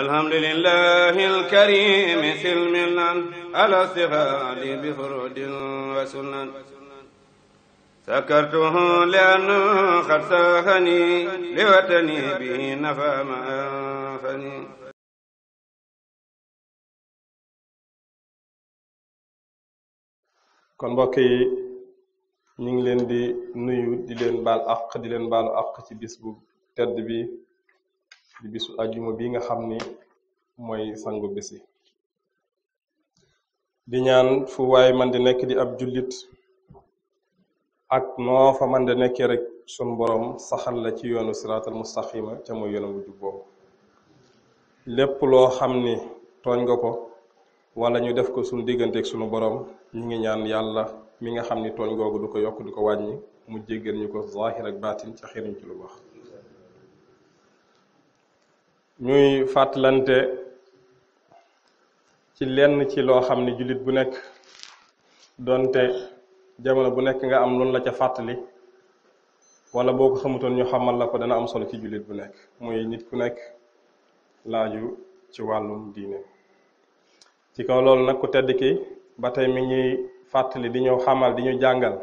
alhamdulillahi alkarimi silmilan alastihadi bi furudin wa sunan sakartuhu liannu xad saxani li watani bi nafa ma kon mbokk yi ñu ngi leen di nuyu di leen baal àq di leen baalu àq ci bis tedd bi di bisu ajjuma bi nga xam ni mooy sangu bisi di ñaan fu waay man di nekk di ab jullit ak noo fa man di nekkee rek sun boroom saxal la ci yoonu siraatal mustaqima te mooy yoonu bu jub boobu lépp loo xam ni tooñ nga ko wala ñu def ko suñu digganteeg sunu boroom ñu ngi ñaan yàlla mi nga xam ni tooñ googu du ko yokk du ko wàññi mu jéggal ñu ko zaahir ak baatin ci xiriñ ci lu baax ñuy fàttalante ci lenn ci loo xam ne jullit bu nekk donte jamono bu nekk nga am loolu la ca fàttali wala boo ko xamutoon ñu xamal la ko dana am solo ci jullit bu nekk muy nit ku nekk laaju ci wàllum diine ci kaw loolu nag ku tedd ki ba tey mi ñuy fàttali di ñu xamal di ñu jàngal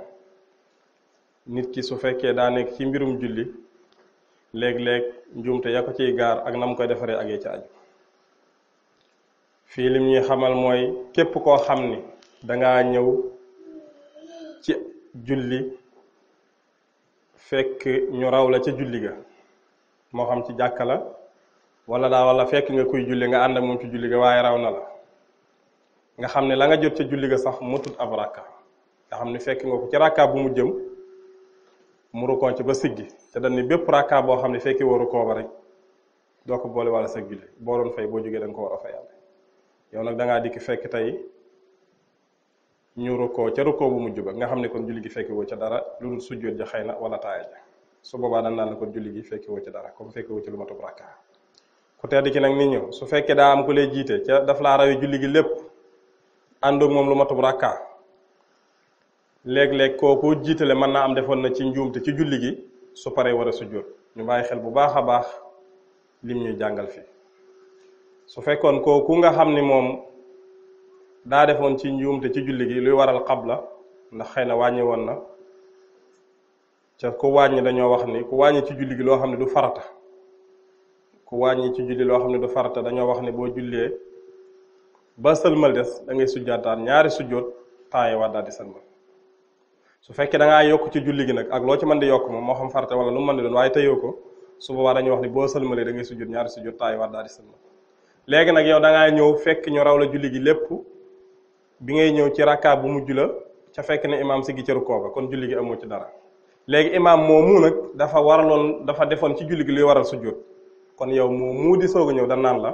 nit ki su fekkee daa nekk ci mbirum julli léegi léeg njuumte ya ko ciy gaar ak na mu koy defaree ak ya ca aju fii lim ñuy xamal mooy képp koo xam ni danga ñëw ci julli fekk ñu raw la ca julli ga moo xam ci jàkk la wala daa wala fekk nga kuy julli nga ànd ak moom ci julli ga waaye raw na la nga xam ne la nga jot ca julli ga sax motut ab ràkka nga xam ni fekk nga ko ci ràkka bu mu jëm mu rukkoo ca ba siggi te dañ ni bépp rakka boo xam ne fekki woo rukkoo ba rek doo ko boole wala sa julli boo doon fay boo jógee da nga ko war a yow nag da dikk fekk tey ñu rukkoo ca rukkoo bu mujj nga xam ne kon julli gi fekki ca dara lu dul sujjóot ja xëy na wala taaya ja su boobaa dañ naan la ko julli gi fekki woo ca dara comme fekki woo ca lu matub rakka ku tedd ki nag nit ñëw su fekkee daa am ku lay jiite ca daf laa rawee julli gi lépp àndoog moom lu matub rakka léeg-léeg kooku jiitale mën naa am defoon na ci njuumte ci julli gi su paree war a sujjóot ñu bàyyi xel bu baax a baax lim ñuy jàngal fii su fekkoon kooku nga xam ni moom daa defoon ci njuumte ci julli gi luy waral xab la ndax xëy na wàññi woon na ca ku wàññi dañoo wax ni ku wàññi ci julli gi loo xam ne du farata ku wàññi ci julli loo xam ne du farata dañoo wax ne boo jullee ba sëlmal des dangay ngay sujjaataan ñaari sujjóot taaye waat daal sëlmal su fekkee da yokk ci julli gi nag ak loo ci mën di yokk moom moo xam farata wala lu mu mën di doon waaye teyoo ko su boobaa dañuy wax ni boo sëlmalee da ngay sujjut ñaari sujjut taay war daal di sëlmal léegi nag yow da ñëw fekk ñu raw la julli gi lépp bi ngay ñëw ci rakkaa bu mujj la ca fekk ne imaam si gi cëru kooba kon julli gi amoo ci dara léegi imaam moomu nag dafa waraloon dafa defoon ci julli gi luy waral sujjut kon yow moo mu di soog a ñëw da naan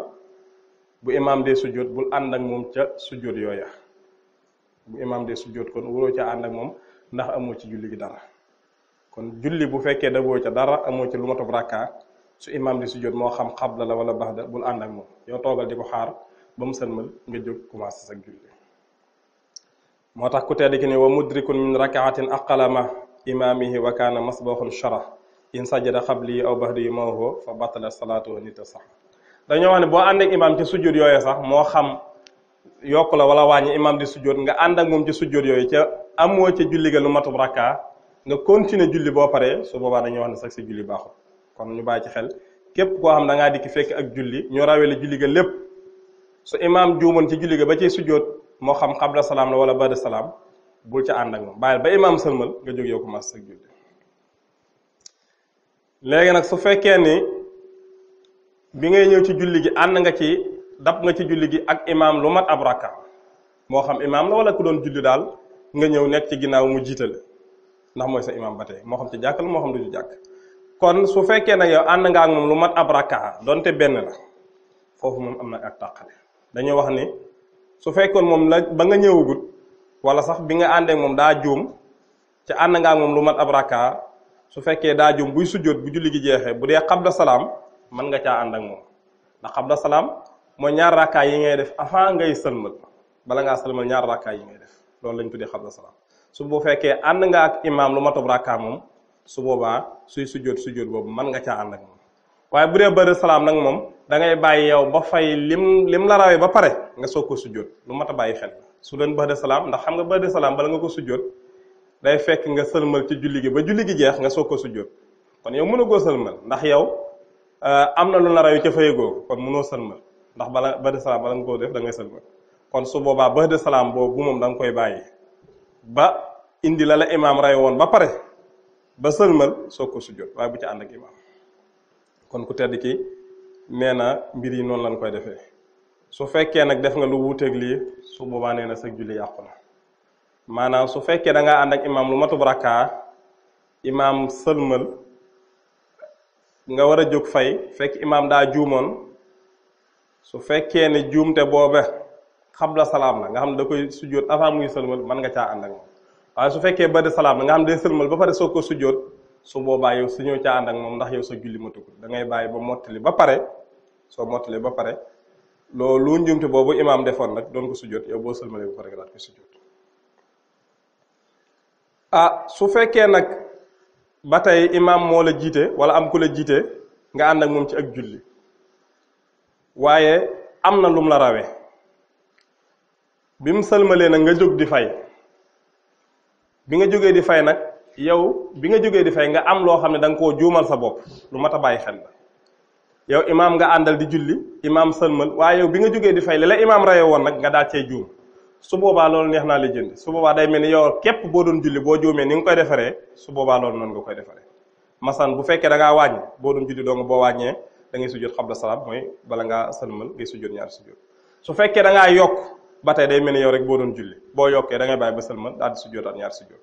bu imaam dee sujjut bul ànd ak moom ca sujjut yooya bu imaam dee sujjut kon waroo ca ànd ak moom ndax amoo ci julli gi dara kon julli bu fekkee dagoo ca dara amoo ci lu ma topp rakka su imaam di sujjóot moo xam xabla la wala baxda bul àndak ak moom yow toogal di ko xaar ba mu sëlmal nga jóg commencé sa julli moo tax ku tedd ki ne wa mudrikun min rakaatin aqalama imaamihi wa kaana masbaxun shara in sajada xabli aw baxdi yu mawhoo fa battala salaatu nita sax dañoo wax boo ànd ak imaam moo xam yokk la wala wàññi imaam di sujjóot nga ànd moom ci sujjóot yooyu ca amoo ci julli ga lu matub rakkaa nga continuer julli boo paree su boobaa dañuy wax ne sax si julli baaxul kon ñu bàyyi ci xel képp koo xam da ngaa dikki fekk ak julli ñu rawee la julli su imaam juumoon ci julli ga ba ci sujjoot moo xam xabla salaam wala bada salaam bul ca ànd ak moom bàyyil nga jóg yow commencé sa julli léegi nag su fekkee ne bi ngay ñëw ci julli gi ànd nga ci dab nga ci julli gi ak imaam lu mat ab rakka moo xam imaam la wala ku doon julli daal nga ñëw nekk ci ginnaaw mu jiital ndax mooy sa imam ba tey moo xam ci jàkk la moo xam du jàkk kon su fekkee nag yow ànd nga ak moom lu mat ab rakka donte benn la foofu moom am na ak tàqale dañoo wax ni su fekkoon moom la ba nga ñëwagut wala sax bi nga àndeek moom daa juum ci ànd moom lu mat ab rakka su fekkee daa juum buy sujjóot bu julli gi jeexee bu dee xabda salaam mën nga caa ànd ak moom ndax xabda salaam mooy ñaar rakka yi ngay def avant ngay sëlmal bala ngaa sëlmal ñaar rakkaa yi ngay def loolu lañ tuddee xabla salaam su bu fekkee ànd nga ak imaam lu matub rakkaa moom su boobaa suy sujjóot sujjóot boobu mën nga caa ànd moom waaye bu dee bëri salaam nag moom da ngay bàyyi yow ba fay lim lim la rawee ba pare nga soog ko sujjóot lu mat a bàyyi xel su doon de salaam ndax xam nga bëri salaam bala nga ko sujjóot day fekk nga sëlmal ci julli ba julli gi jeex nga soog ko sujjóot kon yow mënagoo sëlmal ndax yow euh, am na lu la raw ca fayagoo kon mënoo sëlmal ndax bala bëri salaam bala nga koo da ngay sëlmal kon su boobaa ba de salaam boobu moom danga koy bàyyi ba indi la la imaam rey woon ba pare ba sëlmal soo ko sujjóot waaye bu ci ànd ak imaam kon ku tedd ki nee na mbir yi noonu lañ koy defee su fekkee nag def nga lu wuuteeg lii su boobaa nee na sa julli yàqu na maanaam su fekkee da ngaa ànd ak imaam lu matub rakkaa imaam sëlmal nga war a jóg fay fekk imaam daa juumoon su fekkee ne juumte boobe xabla salaam na nga xam ne da koy sujjóot avant muy sëlmal mën nga caa ànd ak waaye su fekkee ba de salaam la nga xam ne sëlmal ba pare soo ko sujjóot su boobaa yow su ñëw caa ànd ak ndax yow sa julli da ngay bàyyi ba mottali ba pare soo mottali ba pare loolu njumte boobu imaam defoon nag doon ko sujjóot yow boo sëlmalee ba pare nga daal ah, fekkee nag ba tey imaam moo la jiite wala am ku la jiite nga ànd moom ci ak julli waaye am na lum la rawee bi mu sëlmalee nag nga jóg di fay bi nga jógee di fay nag yow bi nga jógee di fay nga am loo xam ne da nga koo juumal sa bopp lu mat a bàyyi xel la yow imaam nga àndal di julli imaam sëlmal waaye yow bi nga jógee di fay li la imaam reye woon nag nga daal cee juum su boobaa loolu neex naa la jënd su boobaa day mel ni yow képp boo doon julli boo juumee ni nga koy defaree su boobaa loolu noonu nga koy defaree masan bu fekkee da ngaa wàññi boo doon julli dong boo wàññee da ngay sujjóot xabla salaam mooy bala ngaa sëlmal ngay sujjóot ñaari sujjóot su fekkee da yokk ba tey day mel ni yow rek boo doon julli boo yokkee da ngay bàyyi ba sëlmal daal di sujjootaat ñaar sujjoot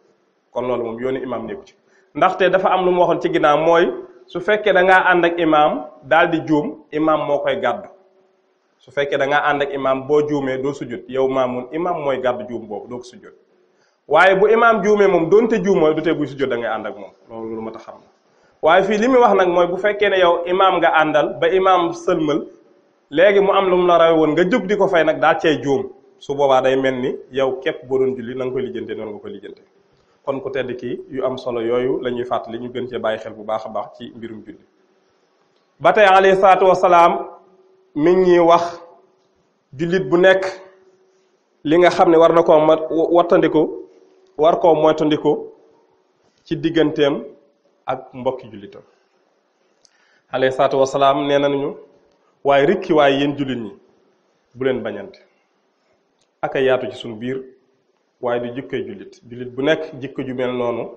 kon loolu moom yoonu imaam nekku ci ndaxte dafa am lu mu waxoon ci ginnaaw mooy su fekkee da ànd ak imaam daal di juum imaam moo koy gàddu su fekkee da ànd ak imaam boo juumee doo sujjoot yow maamun imaam mooy gàddu juum boobu doo ko sujjoot waaye bu imaam juumee moom doonte juum mooy du tee buy sujjoot da ànd ak moom loolu loolu ma tax xam na fii li muy wax nag mooy bu fekkee ne yow imaam nga àndal ba imaam sëlmal léegi mu am lu mu la rawe woon nga jóg di ko fay nag daal cee juum su boobaa day mel ni yow képp boo doon julli na nga koy lijjante noonu nga koy lijjante kon ku tedd kii yu am solo yooyu lañuy fàttali ñu gën cee bàyyi xel bu baax a baax ci mbirum julli ba tey alayhi salaatu wasalaam mi ngi wax jullit bu nekk li nga xam ne war na koo war koo moytandiku ci digganteem ak mbokki jullitam alayhi salaatu wasalaam nañu waaye rikki waaye yéen jullit ñi bu bañante ak yaatu ci suñu biir waaye du jikkoy jullit jullit bu nekk jikko ju mel noonu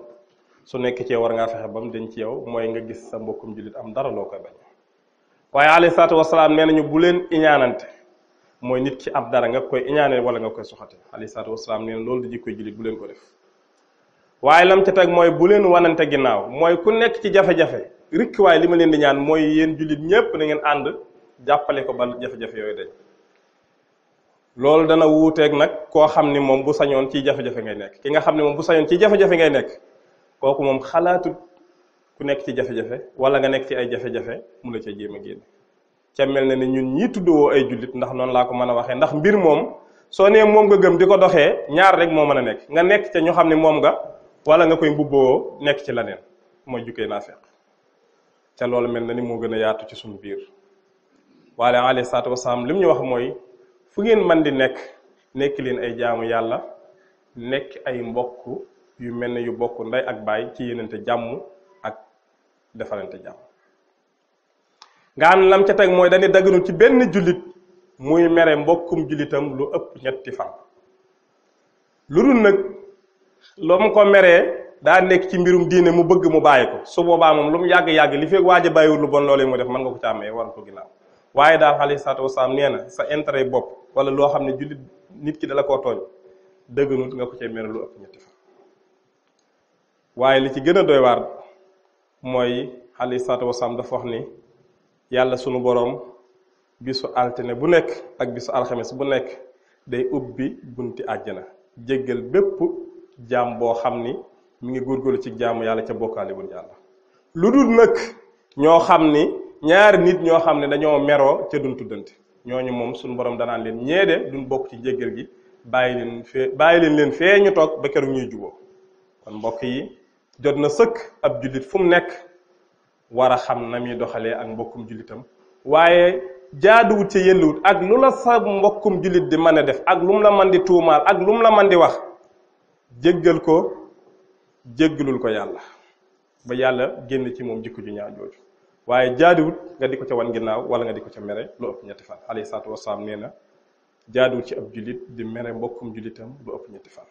su nekkee ci yow war ngaa fexe ba mu denc ci yow mooy nga gis sa mbokkum jullit am dara loo koy bañ waaye alayhi salaatu wasalaam nee ñu bu leen iñaanante mooy nit ki am dara nga koy iñaane wala nga koy soxate alayhi salaatu wasalaam nee na loolu du jikkoy jullit bu leen ko def waaye lam ca teg mooy bu leen wanante ginnaaw mooy ku nekk ci jafe-jafe rikk waaye li ma leen di ñaan mooy yéen jullit ñépp na ngeen ànd jàppale ko ba jafe yooyu dañ loolu dana wuuteeg nag koo xam ni moom bu sañoon ci jafe-jafe ngay nekk ki nga xam ne moom bu sañoon ci jafe ngay nekk kooku moom xalaatut ku nekk ci jafe-jafe wala nga nekk ci ay jafe-jafe la ca jéem a génn ca mel na ni ñun ñii tuddoo ay jullit ndax noonu laa ko mën a waxee ndax mbir moom soo nee moom nga gëm di ko doxee ñaar rek moo mën a nekk nga nekk ca ñu xam ne moom nga wala nga koy mbubboo nekk ci leneen mooy jukkee naa feq ca loolu mel na ni moo gën a yaatu ci suñu biir waale alayhi salaatu wasalaam li mu ñu wax mooy fu ngeen man di nekk nekk leen ay jaamu yàlla nekk ay mbokk yu mel ne yu bokk ndey ak baay ci yenente jàmm ak defarante jàmm nga am lam ca teg mooy dañuy daganul ci benn jullit muy mere mbokkum jullitam lu ëpp ñetti fan lu dul nag loo mu ko meree daa nekk ci mbirum diine mu bëgg mu bàyyi ko su boobaa moom lu mu yàgg-yàgg li fekk waaja a bàyyiwul lu bon loolee mu def mën nga ko ca amee war ko ginnaaw waaye daal alayhi salaatu wasalaam nee na sa intérêt bopp wala loo xam ne jullit nit ki dala koo tooñ dëgganut nga ko cee mere lu ëpp ñetti fa waaye li ci gën a doy waar mooy alayhi salaatu wasalaam dafa wax ni yàlla sunu boroom bisu altine bu nekk ak bisu alxemes bu nekk day ubbi bunti àjjana jéggal bépp jaam boo xam ni mu ngi góorgóorlu ci jaamu yàlla ca bokkaale bu yàlla lu dul nag ñoo xam ni ñaari nit ñoo xam ne dañoo meroo ca duñ tuddante ñooñu moom suñu boroom danaan leen ñee de duñ bokk ci jéggal gi bàyyi leen fee bàyyi leen fee ñu toog ba keroog ñuy juboo kon mbokk yi jot na sëkk ab jullit fu mu nekk wara xam na muy doxalee ak mbokkum jullitam waaye jaaduwut ci yëlluwut ak lu la sa mbokkum jullit di mën a def ak lum la mën di tuumaal ak lum la mën di wax jéggal ko jéggalul ko yàlla ba yàlla génn ci moom jikko ju ñaaw jooju waaye jaaduwut nga di ko ca wan ginnaaw wala nga di ko ca mere lu ëpp ñetti fan alayhi salaatu wasalaam nee na jaaduwut ci ab jullit di mere mbokkum jullitam lu ëpp ñetti fan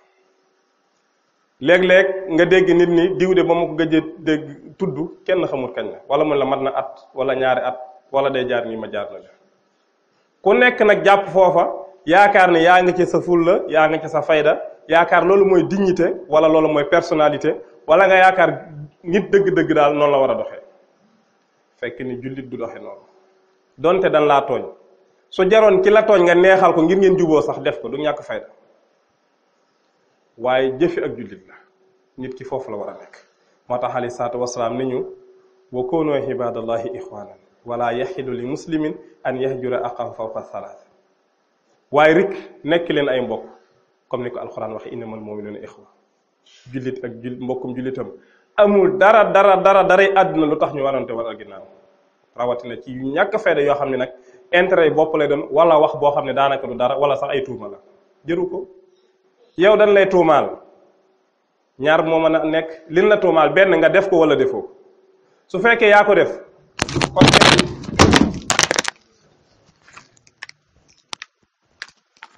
léeg-léeg nga dégg nit ni diw de ba ma ko gëjee dégg tudd kenn xamul kañ la wala mun la na at wala ñaari at wala day jaar nii ma jaar na la ku nekk nag jàpp foofa yaakaar ne yaa nga ci sa fulla yaa nga ci sa fayda yaakaar loolu mooy dignité wala loolu mooy personnalité wala nga yaakaar nit dëgg-dëgg daal noonu la war a doxee fekk ni jullit du doxe noonu donte dan laa tooñ su jaroon ki la tooñ nga neexal ko ngir ngeen juboo sax def ko du ñàkk fayda waaye jëfi ak jullit la nit ki foofu la war a nekk moo tax aleyhi salaatu wasalaam ni ñu wa koonu ibadallahi ixwanan wala li muslimin an yahjura aqahu fawqa salaas waaye rik nekk leen ay mbokk comme ni ko alxuraan waxe innamal muminuuna ixwa jullit ak jul mbokkum jullitam amul dara dara dara daray àdduna lu tax ñu warante wala ginnaaw rawatina ci ñàkk fayda yoo xam ne nag intérêt yi bopp lay wala wax boo xam ne daanaka du dara wala sax ay tuuma la dañ lay tuumaal ñaar moo mën a nekk lin la tuumaal benn nga def ko wala defoo su fekkee yaa ko def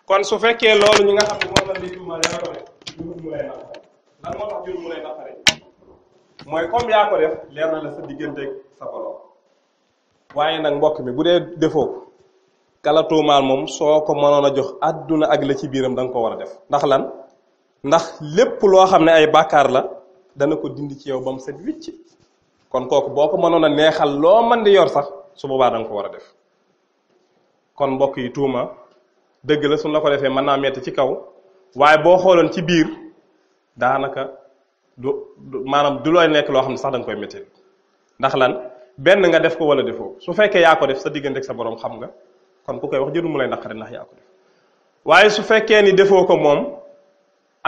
kon su fekkee loolu ñi nga xam ne moom la tuumaal yaa ko mooy comme yaa ko def leer na la sa digganteeg sa borom waaye nag mbokk mi bu dee defoo ko kala moom soo ko mënoon a jox àdduna ak la ci biiram danga ko war a def ndax lan ndax lépp loo xam ne ay bàkkaar la dana ko dind ci yow ba mu set wicc kon kooku boo ko mënoon a neexal loo man di yor sax su boobaa da nga ko war a def kon mbokk yi tuuma dëgg la su na ko defee mën naa metti ci kaw waaye boo xooloon ci biir daanaka du maanaam du looy nekk loo xam ne sax da koy métti ndax lan benn nga def ko wala defoo su fekkee yaa ko def sa diggante ak sa boroom xam nga kon ku koy wax jëru mu lay naqari ndax yaa ko def waaye su fekkee ni defoo ko moom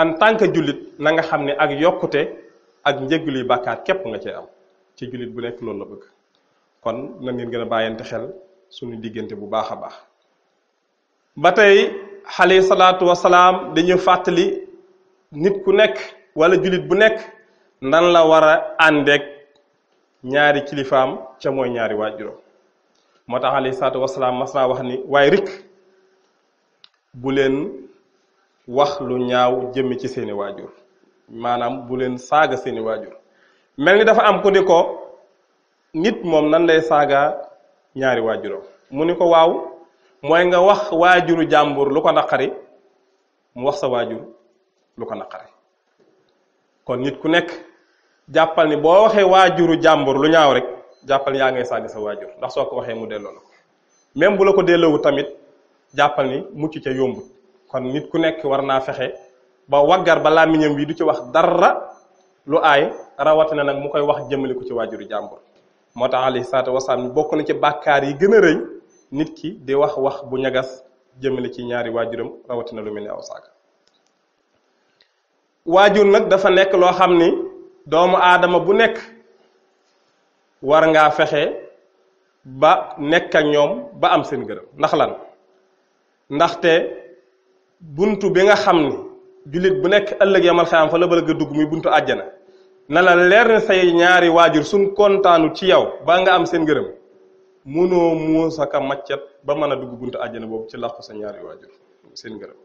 en tant que jullit na nga xam ne ak yokkute ak njëgguli bàkkaar képp nga cee am ci jullit bu nekk loolu la bëgg kon na ngeen gën a bàyyante xel suñu diggante bu baax a baax ba tey xale salaatu wasalaam dañu fàttali nit ku nekk wala jullit bu nekk nan la war a àndeek ñaari kilifaam ca mooy ñaari waajuram moo tax alayhi salaatu wasalaam mas wax ni waaye rikk bu leen wax lu ñaaw jëmmi ci seeni waajur maanaam bu leen saaga seeni waajur mel ni dafa am ku ni ko nit moom nan lay saaga ñaari waajuroo mu ni ko waaw mooy nga wax waajuru jàmbur lu ko naqari mu wax sa waajur lu ko naqari kon nit ku nekk jàppal ni boo waxee waajuru jàmbur lu ñaaw rek jàppal ni yaa ngay sànni sa waajur ndax soo ko waxee mu delloo la ko même bu la ko delloowu tamit jàppal ni mucc ca yombut kon nit ku nekk war naa fexe ba waggar ba làmmiñam wi du ci wax dara lu aay rawatina nag mu koy wax jëmale ko ci waajuru jàmbur moo tax alayhi salaatu wasalaam bokk na ci bàkkaar yi gën a rëy nit ki di wax wax bu ñagas jëmale ci ñaari waajuram rawatina lu mel ni aw saaga waajur nag dafa nekk loo xam ni doomu aadama bu nekk war ngaa fexe ba nekk ñoom ba am seen gërëm ndax lan ndaxte bunt bi nga xam ni jullit bu nekk ëllëg yamal xayaam fa la bëgg a dugg muy buntu àjjana na la leer na say ñaari waajur suñ kontaanu ci yow ba nga am seen gërëm mënoo muusaka maccat ba mën a dugg bunt àjjana boobu ci làqu sa ñaari waajur seen gërëm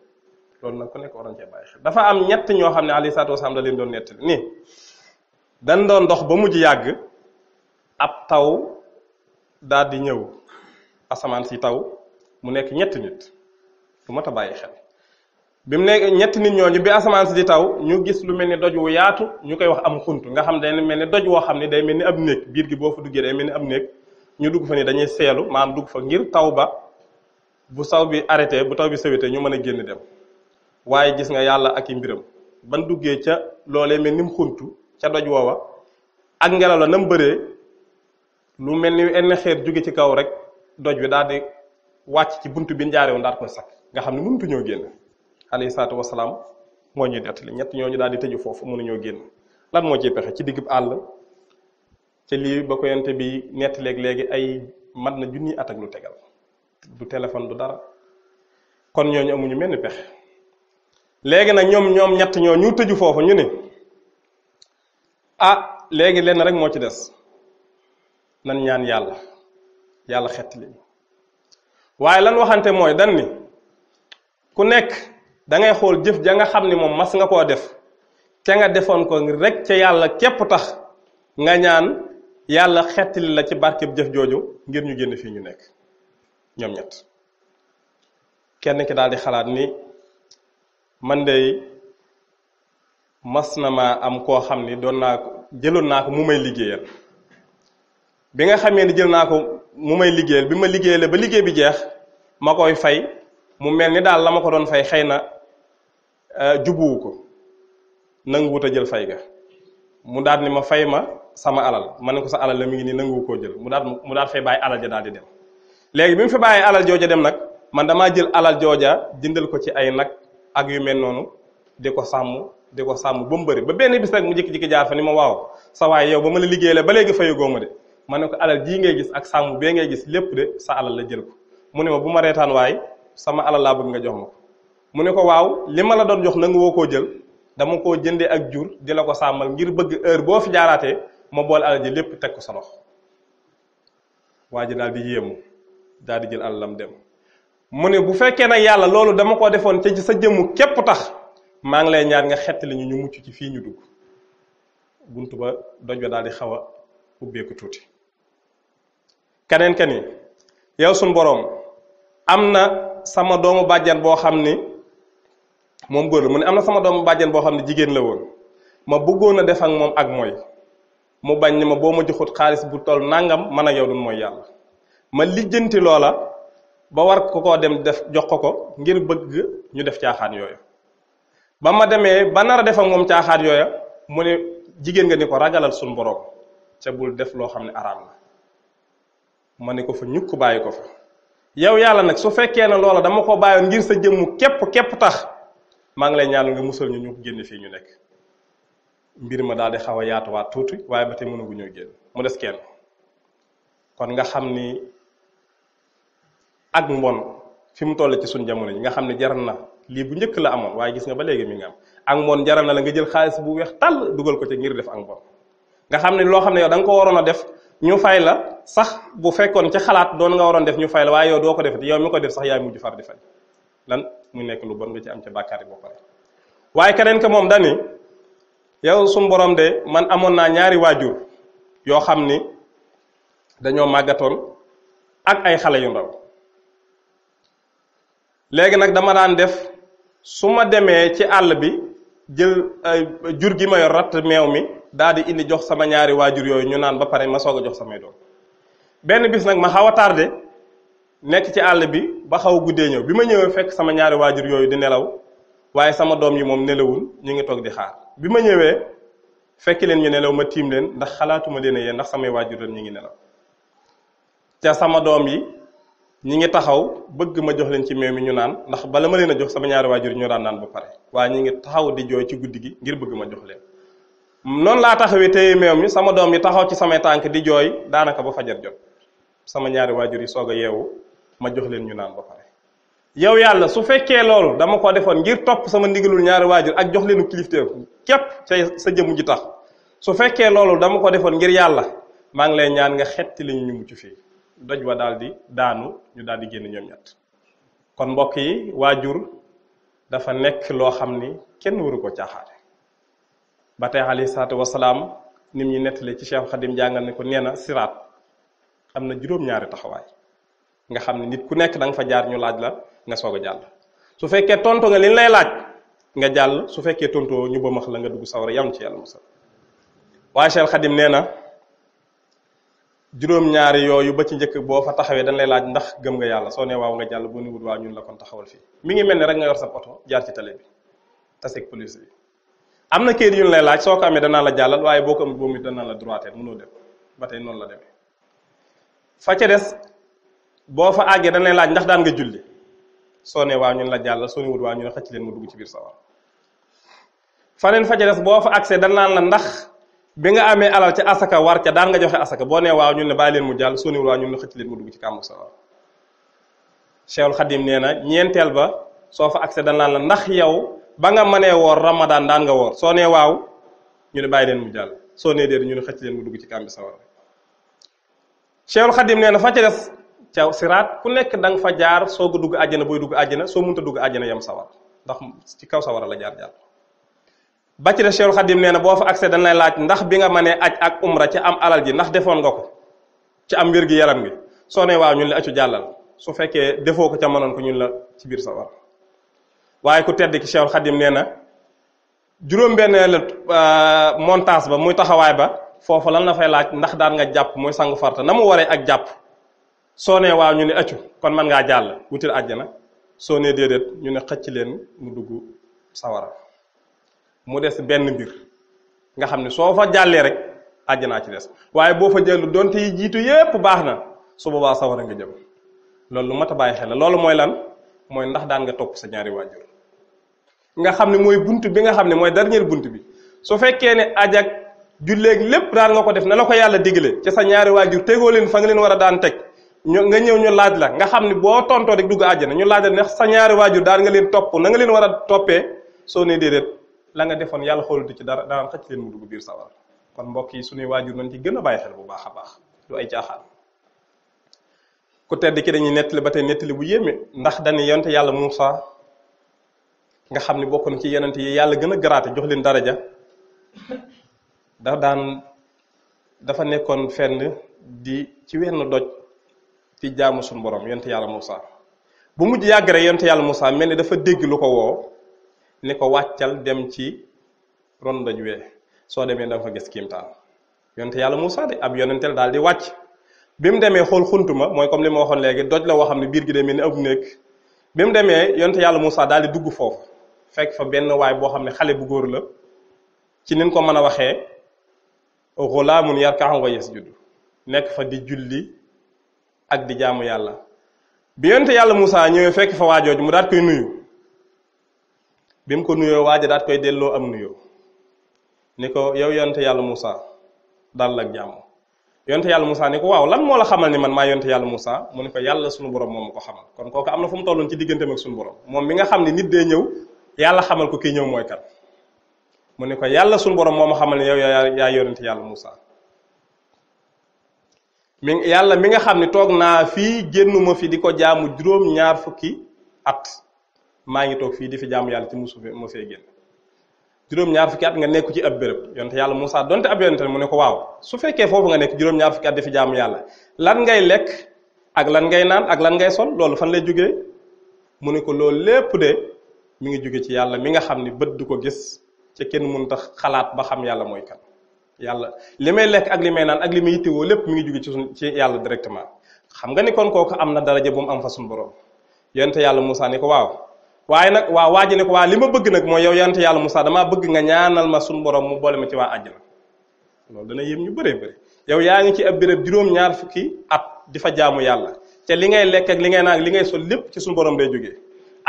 loolu nag ku nekk waroon cee dafa am ñett ñoo xam ne alayhi salaatu wasalaam da leen doon nettali ni dañ doon ndox ba mujj yàgg ab taw daal di ñëw asamaan si taw mu nekk ñetti nit lu mat a bàyyi xel bi mu nekk ñetti nit ñooñu bi asamaan si di taw ñu gis lu mel ni doj wu yaatu ñu koy wax am xunt nga xam day mel ni doj woo xam ne day mel ni ab néeg biir gi boo fa duggee day mel ni ab néeg ñu dugg fa ni dañuy seelu maam dugg fa ngir taw ba bu saw bi arrêté bu taw bi sawitee ñu mën a génn dem waaye gis nga yàlla ak i mbiram ban duggee ca loolee mel ni mu ca doj woowa ak ngelaw la nam bëree lu mel ni enn xeer jóge ci kaw rek doj wi daal wàcc ci bunt bi njaarewu ndaat koy sakk nga xam ne mënutu ñoo génn alayhi salaatu wasalaam moo ñuy nettali ñett ñooñu daal di tëju foofu mënuñoo génn lan moo ciy pexe ci digg àll ci lii ba ko yonte bi netti léegi ay mat na junni at ak lu tegal du téléphone du dara kon ñooñu amuñu mel ni pexe léegi nag ñoom ñoom ñett ñoo ñu tëju foofu ñu ne ah léegi lenn rek moo ci des nan ñaan yàlla yàlla xett li waaye lan waxante mooy dan ni ku nekk dangay xool jëf ja nga xam ni moom mas nga koo def ca nga defoon ko rekk ca yàlla képp tax nga ñaan yàlla xett la ci barkeb jëf jooju ngir ñu génn fii ñu nekk ñoom ñett kenn ki daal xalaat ni man de mas na ma am koo xam ni doon naa ko jëloon naa ko mu may liggéeyal bi nga xamee ni jël naa ko mu may liggéeyal bi ma liggéeyale ba liggéey bi jeex ma koy fay mu mel ni daal la ma ko doon fay xëy na euh, jubuwu ko nanguwut a jël fay ga mu daat ni ma fay ma sama alal ma ne ko sa alal la mu ngi nii nanguwu koo jël mu daat mu daat fay bàyyi alal ja daal di dem léegi bi mu fi alal jooja dem nag man damaa jël alal jooja jëndal ko ci ay nag ak yu mel noonu di ko sàmm di ko sàmm ba mu bëri ba benn bis nag mu jékki-jékki jaar fa ni ma waaw sa waay yow ba ma la liggéeyee ba léegi fayugoo ma de ma ne ko alal jii ngay gis ak sàmm bee ngay gis lépp de sa alal la jël ko mu ne ma bu ma reetaan waaye sama alal laa bëgg nga jox ma ko mu ne ko waaw li ma la doon jox na woo koo jël dama koo jëndee ak jur di la ko sàmmal ngir bëgg heure boo fi jaaraatee ma boole alal ji lépp teg ko sa waa ji daal di yéemu daal di jël alalam dem mu ne bu fekkee nag yàlla loolu dama ko defoon ca sa jëmm képp tax maa ngi lay ñaar nga xettali ñu ñu mucc ci fii ñu dugg bunt ba doj ba daal di xaw a ubbeeku tuuti keneen ka ni yow suñ boroom am na sama doomu bàjjan boo xam ni moom góor la mu ne am na sama doomu bàjjan boo xam ne jigéen la woon ma bëggoon a def ak moom ak mooy mu bañ ni ma boo ma joxut xaalis bu toll nangam man ak yow duñ mooy yàlla ma lijjanti loola ba war ko koo dem def jox ko ko ngir bëgg ñu def caaxaan yooyu ba ma demee ba nar a def moom caaxaan yooya mu ne jigéen nga ni ko ragalal suñu borom ca bul def loo xam ne araam la ma ne ko fa ñukk bàyyi ko fa yow yàlla nag su fekkee ne loola dama ko bàyyoon ngir sa jëmmu képp képp tax maa ngi lay ñaan nga musal ñu ñu génn fii ñu nekk mbir ma daal di xaw a yaatuwaat tuuti waaye ba tey mënaguñoo génn mu des kenn kon nga xam ni ak mbon fi mu toll ci suñ jamono yi nga xam ne jaral na lii bu njëkk la amoon waaye gis nga ba léegi mi nga am ak mbon jaral na la nga jël xaalis bu weex tàll dugal ko ci ngir def ak mbon nga xam ne loo xam ne yow da nga ko waroon a def ñu fay la sax bu fekkoon ci xalaat doon nga waroon def ñu fay la waaye yow doo ko defati yow mi ko def sax yaay mujj far di fay lan mu nekk lu bon nga ci am ca bàkkaar boo pare waaye keneen ka moom dani yow suñu borom de man amoon naa ñaari waajur yoo xam ni dañoo màggatoon ak ay xale yu ndaw léegi nag dama daan def su ma demee ci àll bi jël jur gi ma yor ratt meew mi daal di indi jox sama ñaari waajur yooyu ñu naan ba pare ma soog a jox samay doom benn bis nag ma xaw a tardé nekk ci àll bi ba xaw a guddee ñëw bi ma ñëwee fekk sama ñaari waajur yooyu di nelaw waaye sama doom yi moom nelawul ñu ngi toog di xaar bi ma ñëwee fekk leen ñu nelaw ma tiim leen ndax xalaatuma leen yéen ndax samay waajur ñu ngi nelaw ca sama doom yi. ñi ngi taxaw bëgg ma jox leen ci meew mi ñu naan ndax bala ma leen a jox sama ñaari waajur ñoo daan naan ba pare waaye ñi ngi taxaw di jooy ci guddi gi ngir bëgg ma jox leen noonu laa taxawee téye meew mi sama doom yi taxaw ci samay tànk di jooy daanaka ba fajar jot sama ñaari waajur yi soog a yeewu ma jox leen ñu naan ba pare yow yàlla su fekkee loolu dama ko defoon ngir topp sama ndigalul ñaari waajur ak jox leenu kilifteef képp ca sa jëmu ji tax su fekkee loolu dama ko defoon ngir yàlla maa ngi lay ñaan nga xetti li ñu mucc fii doj wa daal di daanu ñu daal di génn ñoom ñett kon mbokk yi waajur dafa nekk loo xam ni kenn waru ko caaxaare ba tey alayhi salaatu wasalaam nit ñi nettali ci Cheikh Xadim jàngal ne ko nee na siraat am na juróom-ñaari taxawaay nga xam ne nit ku nekk da nga fa jaar ñu laaj la nga soog a jàll su fekkee tontu nga liñ lay laaj nga jàll su fekkee tontoo ñu ba max la nga dugg sawra yam ci yàlla musal waaye Cheikh Xadim nee juróom-ñaari yooyu ba ci njëkk boo fa taxawee dañ lay laaj ndax gëm nga yàlla soo nee waaw nga jàll boo niwut waaw ñun la kon taxawal ngi mel ne rek nga yor sa oto jaar ci tali bi taseeg police bi am na kayit yu ñu lay laaj soo ko amee danaa la jàllal waaye boo ko am boobu danaa la droité mënoo dem ba tey noonu la demee des boo fa àggee dañ lay laaj ndax daan nga julli soo nee waaw ñun la jàllal soo niwut ñu ne xëcc leen mu dugg ci biir sawar faneen fa ca boo fa àgsee dañ naan la ndax bi nga amee alal ca asaka war ca daan nga joxe asaka boo nee waaw ñun ne bàyyi leen mu jàll soo newul waaw ñun ne xëcc leen mu nee na ñeenteel ba soo fa accès dañ naan la ndax yow ba nga mënee woor Ramadan daan nga soo nee waaw ñu ne bàyyi leen mu jàll soo nee déedéet ñu ne xëcc leen mu dugg ci kàmbi sawar Cheikhul Khadim nee na ca des ca siraat ku nekk da nga fa jaar soog a dugg àjjana booy dugg àjjana soo mënta dugg àjjana yam sawar ndax ci kaw sawara la jaar jaar ba ci de Cheikhul Xadim nee na boo fa accès danay laaj ndax bi nga mënee aj ak umra ci am alal ji ndax defoon nga ko ci am wér gi yaram gi soo ne waaw ñun la acu jàllal su fekkee defoo ko ca mënoon ko ñun la ci biir sawar waaye ku tedd ki Cheikhul Xadim nee na juróom-benneelu euh, ba muy taxawaay ba foofu lan la fay laaj ndax daan nga jàpp muy sangu farta na mu waree ak jàpp soo nee waaw ñu ne accu kon man ngaa jàll wutil àjjana soo nee déedéet ñu ne xëcc leen mu dugg sawara mu des benn mbir nga xam ne soo fa jàllee rek àjjanaa ci des waaye boo fa jëlu donte yi jiitu yépp baax na su boobaa sawara nga jëm loolu lu mat a bàyyi xel la loolu mooy lan mooy ndax daan nga topp sa ñaari waajur nga xam ne mooy bunt bi nga xam ne bunt bi su fekkee ne ajak julleeg lépp daan nga ko def na la ko yàlla digle ci sa ñaari waajur tegoo leen fa nga leen war a daan teg ñu nga laaj la nga xam ne boo tontoo rek dugg àjjana ñu laaj ndax sa ñaari waajur nga leen topp na nga leen war a toppee soo nee déedéet la nga defoon yàlla xoolatu ci dara daan xëcc leen mu dugg biir sawar kon mbokk yi suñuy waajur nañ ci gën a bàyyi xel bu baax a baax du ay caaxaan ku tedd ki dañuy nettali ba te nettali bu yéeme ndax dañu yonte yàlla Muusa nga xam ne bokk na ci yonent yi yàlla gën a garaate jox leen daraja da daan dafa nekkoon fenn di ci wenn doj ci jaamu suñu borom yonte yàlla Muusa bu mujj yàgg rek yonte yàlla Muusa mel ni dafa dégg lu ko woo ne ko wàccal dem ci ron doj wee soo demee da nga fa gis kiimtaan yonte yàlla Moussa de ab yonenteel daal di wàcc bi mu demee xool ma mooy comme li ma waxoon léegi doj la woo xam ne biir gi de mel ni ab néeg bi mu demee yonte yàlla Moussa daal di dugg foofu fekk fa benn waay boo xam ne xale bu góor la ci nin ko mën a waxee mun xulaamun yarka'u wa yasjudu nekk fa di julli ak di jaamu yàlla bi yonte yàlla Moussa ñëwee fekk fa waa jooju mu daal koy nuyu. bi mu ko nuyoo waaja daat koy delloo am nuyoo ni ko yow yonte yàlla musa dal ak jàmm yonte yàlla Moussa ni ko waaw lan moo la xamal ni man maa yonte yàlla Moussa mu ne ko yàlla sunu borom moom ko xamal kon kooku am na fu mu tolloon ci digganteem ak sunu borom moom mi xam ne nit ñëw yàlla xamal ko kii ñëw mooy kan ne ko yàlla sunu borom moo ma xamal ne yow yaa yaa yonte yàlla Moussa mi yàlla mi nga xam ne toog naa fii génnuma fi di ko jaamu juróom ñaar fukki at maa ngi toog fii di fi jaamu yàlla ci musu mo fee génn juróom-ñaar fukki at nga nekk ci ab béréb yonte yàlla Moussa donte ab yonte mu ne ko waaw su foofu nga nekk juróom fi jaamu yàlla lan ngay lekk ak lan ngay naan ak lan ngay sol loolu fan lay jógee mu ne ko loolu lépp de mi ngi jóge ci yàlla mi nga xam ni bët du ko gis ca kenn mun tax xalaat ba xam yàlla mooy kan yàlla li may lekk ak li may naan ak li may yittewoo lépp mu ngi jóge ci suñ ci yàlla directement xam nga ni kon kooku am na dara bu mu am fa suñu borom yonte yàlla Moussa ne ko waaw waaye nag waa waa ji ne ko waa li ma bëgg nag mooy yow yonent yàlla Moussa damaa bëgg nga ñaanal ma suñu borom mu boole ma ci waa àjjana loolu dana yéem ñu bëree bëri yow yaa ngi ci ab béréb juróom fukki at di fa jaamu yàlla te li ngay lekk li ngay naan li ngay sol lépp ci suñu borom day jógee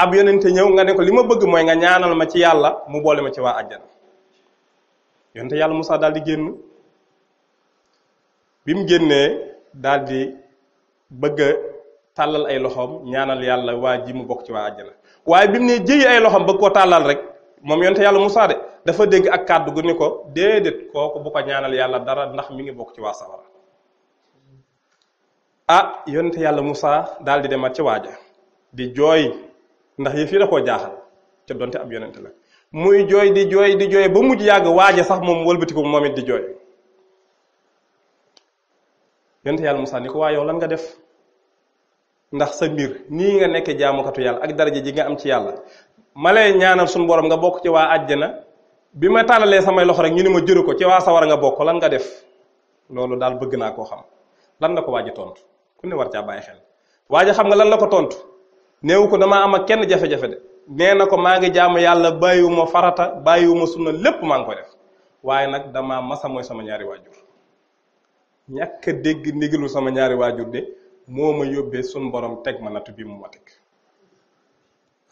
ab yonente ñëw nga ne ko li ma bëgg mooy nga ñaanal ma ci yàlla mu boole ma ci waa àjjana yonente yàlla Moussa daal di génn bi mu génnee daal di bëgg tàllal ay loxoom ñaanal yàlla waa ji mu bokk ci waa àjjana waaye bi mu ne jëyi ay loxoom bëgg koo tàllal rek moom yonte yàlla Musaa de dafa dégg ak kàddu gu ni ko déedéet kooku bu ko ñaanal yàlla dara ndax mu ngi bokk ci waa sawara ah yonte yàlla Musaa daal di demat ci waaja di jooy ndax yëf yi da koo jaaxal ca donte ab yonente la muy jooy di jooy di jooy ba mujj yàgg waaja sax moom wëlbatiku moom it di jooy yonte yàlla Musaa ni ko waa yow lan nga def ndax sa mbir nii nga nekk jaamukatu yàlla ak daraja ji nga am ci yàlla ma lay ñaanal suñu borom nga bokk ci waa na bi ma tàllalee samay loxo rek ñu ni ma jëru ko ci waa sawar nga bokk lan nga def loolu daal bëgg naa koo xam lan la ko waaj a tontu ku ne war caa bàyyi xel waaj xam nga lan la ko tontu néew ko damaa am ak kenn jafe-jafe de nee na ko maa ngi jaamu yàlla bàyyiwuma farata bàyyiwuma sunna lépp maa ngi ko def waaye nag damaa masa mooy sama ñaari waajur ñàkk a dégg sama ñaari waajur de. moo ma yóbbee sunu boroom teg ma nattu bi mu ma teg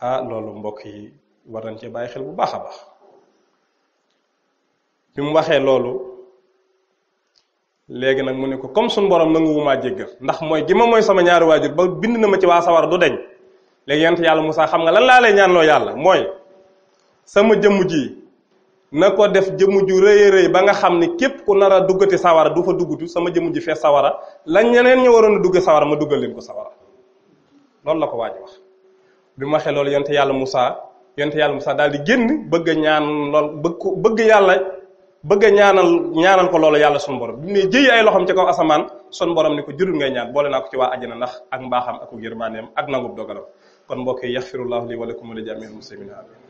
ah loolu mbokk yi war nañ cee bàyyi xel bu baax a baax bi mu waxee loolu léegi nag mu ne ko comme sunu borom maa jéggal ndax mooy gi ma mooy sama ñaari waajur ba bind na ma ci waa sawar du deñ léegi yant yàlla Musaa xam nga lan laa lay ñaanloo yàlla mooy sama jëmm ji na ko def jëmm ju rëy rëy ba nga xam ni képp ku nar a duggati sawara du fa duggutu sama jëmm ji fee sawara la ñeneen ñu waroon a dugg sawara ma duggal leen ko sawara loolu la ko waaj wax bi mu waxee loolu yàlla Moussa yonte yàlla Moussa daal di génn bëgg ñaan lool bëgg ko bëgg yàlla bëgg a ñaanal ñaanal ko loolu yàlla sunu borom bi mu ne jëyi ay loxoom ci kaw asamaan sunu borom ni ko jurul ngay ñaan boole naa ko ci waa àjjana ndax ak mbaaxam ak yërmandeem ak nangub dogalam kon mbokk yi yaxfirullahu li wa lakum wa li jamiil muslimin amin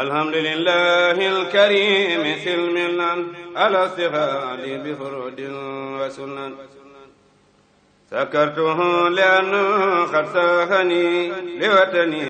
الحمد لله الكريم سلمنا على استغال بفرود وسنن سكرته لأنه قد ساهني لوطني